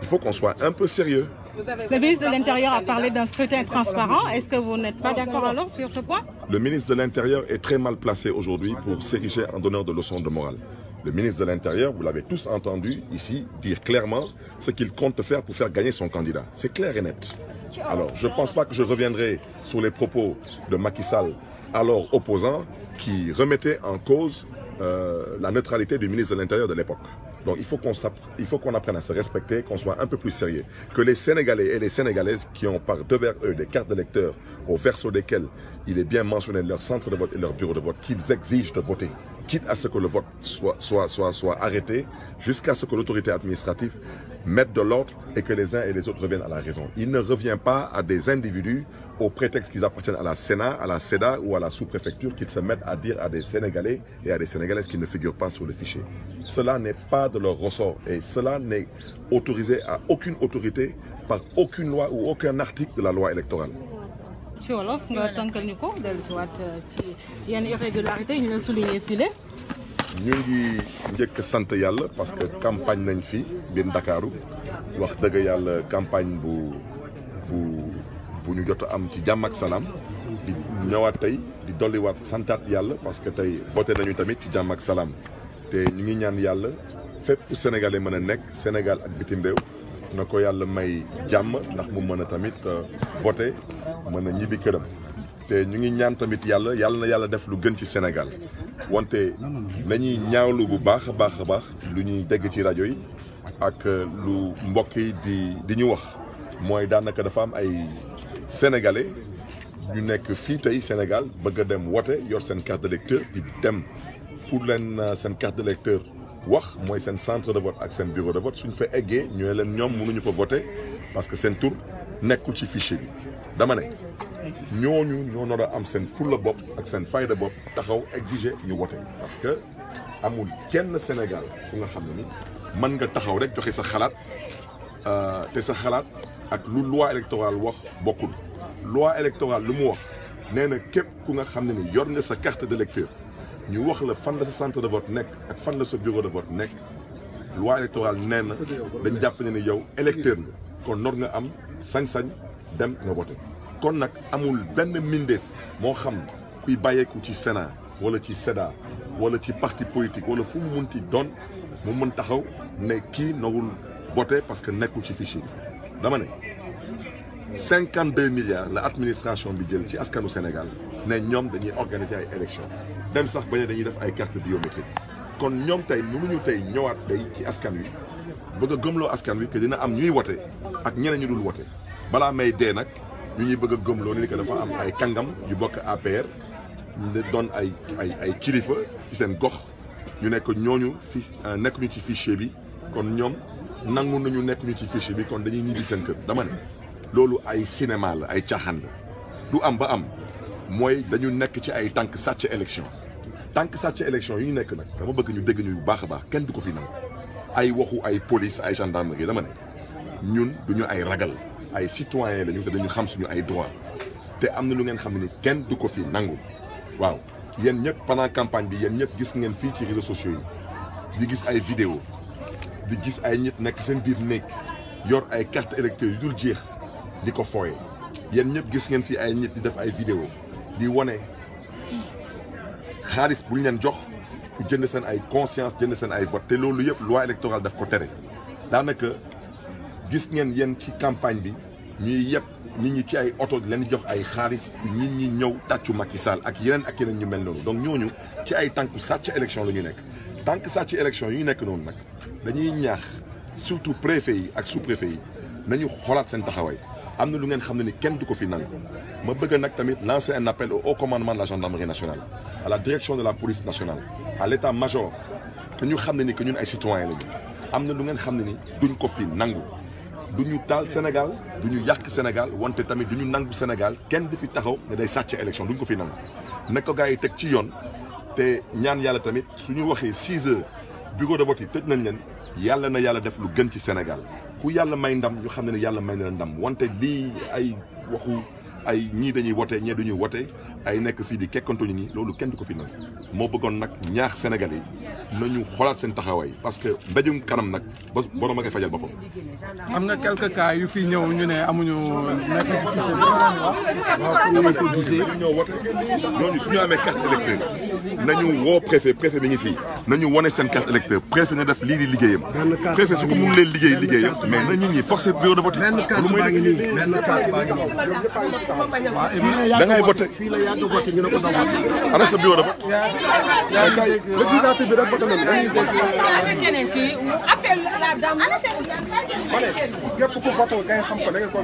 Il faut qu'on soit un peu sérieux. Le ministre de l'Intérieur a parlé d'un scrutin transparent. Est-ce que vous n'êtes pas d'accord alors sur ce point Le ministre de l'Intérieur est très mal placé aujourd'hui pour s'ériger en donneur de leçons de morale. Le ministre de l'Intérieur, vous l'avez tous entendu ici dire clairement ce qu'il compte faire pour faire gagner son candidat. C'est clair et net. je ne pense pas que je reviendrai sur les propos de Macky Sall, alors opposant, qui remettait en cause euh, la neutralité du ministre de Donc il faut qu'on il faut qu'on apprenne à se respecter, qu'on soit un peu plus sérieux. Que les Sénégalais et les Sénégalaises qui ont par devers eux des cartes d'électeurs au verso desquelles il est bien mentionné leur centre de vote et leur bureau de vote, qu'ils exigent de voter. quitte à ce que le vote soit, soit, soit, soit arrêté, jusqu'à ce que l'autorité administrative mette de l'ordre et que les uns et les autres reviennent à la raison. Il ne revient pas à des individus, au prétexte qu'ils appartiennent à la Sénat, à la SEDA ou à la sous-préfecture, qu'ils se mettent à dire à des Sénégalais et à des Sénégalaises qui ne figurent pas sur le fichier. Cela n'est pas de leur ressort et cela n'est autorisé à aucune autorité par aucune loi ou aucun ci wolof nga tënkal ñu ko dellu si euh, ci yenn irrégularité yi ñu ngi njëkk sant yàlla parce que campagne nañ fi biir Ndakaaru wax dëgg yàlla campagne bu bu bu ñu jot am ci jàmm ak salaam di ñëwaat tey di dolliwaat santaat yàlla parce que tey voté nañu tamit ci jàmm ak salaam te ñu ngi ñaan yàlla fépp Sénégalais mën a nekk Sénégal ak bitim réew na ko yàlla may jàmm ndax mu mën a tamit euh, voter mën a ñibbi këram te ñu ngi ñaan tamit yàlla yàlla na yàlla def lu gën ci Sénégal wante nañuy ñaawlu bu baax a baax a baax lu ñuy dégg ci rajo yi ak euh, lu mbokk yi di di ñu wax mooy daanaka dafa am ay sénégalais ñu nekk fii tey Sénégal bëgg a dem wote yor seen carte di dem fu leen euh, seen carte d'électeur wax mooy seen centre de vote ak seen bureau de vote suñ fa eggee ñu ne leen ñoom ñu fa vote parce que seen tur nekkul ci fichier bi dama ne ñooñu ñoo nar am seen fulla bopp ak seen fayda bopp taxaw exiger ñu voter parce que amul kenn Sénégal ku nga xam ne ni mën nga taxaw rek joxe sa xalaat euh, te sa xalaat ak lu loi électorale wax bokkul loi électorale lu mu wax nee na képp ku nga xam ne ni yor nga sa carte d'électeur ñu wax la fan la sa centre de vote nekk ak fan la sa bureau de vote nekk loi électorale nee na dañ jàpp ne ni yow électeur nga kon noor nga am sañ-sañ dem nga voté kon nag amul benn mbindeef moo xam kuy bàyyeeku ci Sénat wala ci SEDA wala ci parti politique wala fu mu munti doon mu mën taxaw ne kii nowul voté parce que nekkul ci fichier dama ne 52 milliards la administration bi jël ci askanu Sénégal ne ñoom dañuy organiser ay élections dem sax ba ne dañuy def ay cartes biométriques kon ñoom tey mënuñu tey ñëwaat tey ci askan wi bëgg gëmloo askan wi que dina am ñuy wote ak ñeneen ñu dul wote balaa may dee nag ñu ñuy bëgg a gëmloo ni que dafa am ay kàngam yu bokk APR doon ay ay ay kilifa ci seen gox ñu nekk ñooñu fi euh, nekkuñu ci fichier bi kon ñoom nangu nañu nekkuñu ci fiche bi kon dañuy ñibbi seen kër dama ne loolu ay cinéma la ay caaxaan la du am ba am. mooy dañu nekk ci ay tànk sàcc élection tànk sàcc élection yu ñu nekk nag dama bëgg ñu dégg ñu bu baax a baax kenn du ko fi nangu ay waxu ay police ay gendarmerie dama ne ñun duñu ay ragal ay citoyen lañu te dañu xam suñu ay droit te am na lu ngeen xam ni kenn du ko fi nangu waaw yéen ñëpp pendant campagne bi yéen ñëpp gis ngeen fii ci réseaux sociaux yi di gis ay vidéo di gis ay ñit nekk seen biir néeg yor ay carte électeur yu dul jeex di ko fooye yéen ñëpp gis ngeen fii ay ñit def ay vidéo di wane xaalis bu ñu leen jox pour jënd seen ay conscience jënd seen ay vote te loolu yëpp loi électorale daf ko tere daanaka gis ngeen yéen ci campagne bi ñuy yëpp nit ñi ci ay oto leen jox ay xaalis nit ñi ñëw tàccu Macky Sall ak yeneen ak yeneen ñu mel noonu donc ñooñu ci ay tànku sàcc élection la ñu nekk tànk sàcc élection yu ñu nekk noonu nag dañuy ñaax surtout préfet yi ak sous préfet yi nañu xoolaat seen taxawaay am na lu ngeen xam ne ni kenn du ko fi nangu ma bëgg nag tamit lancer un appel au haut commandement de la gendarmerie nationale à la direction de la police nationale à l'état-major que ñu xam ne ni que ñun ay citoyens lañu am na lu ngeen xam ne ni duñ ko fi nangu du ñu taal Sénégal du ñu yàq Sénégal wante tamit du ñu nangu Sénégal kenn du fi taxaw ne day sàcc élection duñ ko fi nangu. ne ko yi teg ci yoon te ñaan yàlla tamit su ñu waxee 6 heures. bureau de vote yi tëj nañ leen yàlla na yàlla def lu gën ci Sénégal ku yàlla may ndam ñu xam ne ne yàlla may na ndam wante lii ay waxu ay ñii dañuy wote ñee duñuy wote ay nekk fii di kekkantu ñu nii loolu kenn du ko fi nag moo bëggoon nag ñaax Sénégalais yi nañu xoolaat seen taxawaay parce que mbéjum kanam nag ba a koy fajal boppam. am na quelques yu fi ñëw ñu ne amuñu nekk ci seen ñoo suñu amee carte électeur nañu woo préfet préfet bi ngi fii nañu wane seen carte électeur préfet na def lii di liggéeyam préfet su ko leen liggéey liggéeyam mais na ñi ñi forcé bureau de vote yi da ngay voté ñu voté ñu ne ko sama ana sa bureau dafa législative bi rek voté nañu dañuy voté keneen kii appel la dame ana sa bureau képp ku voté kay xam ko da nga ko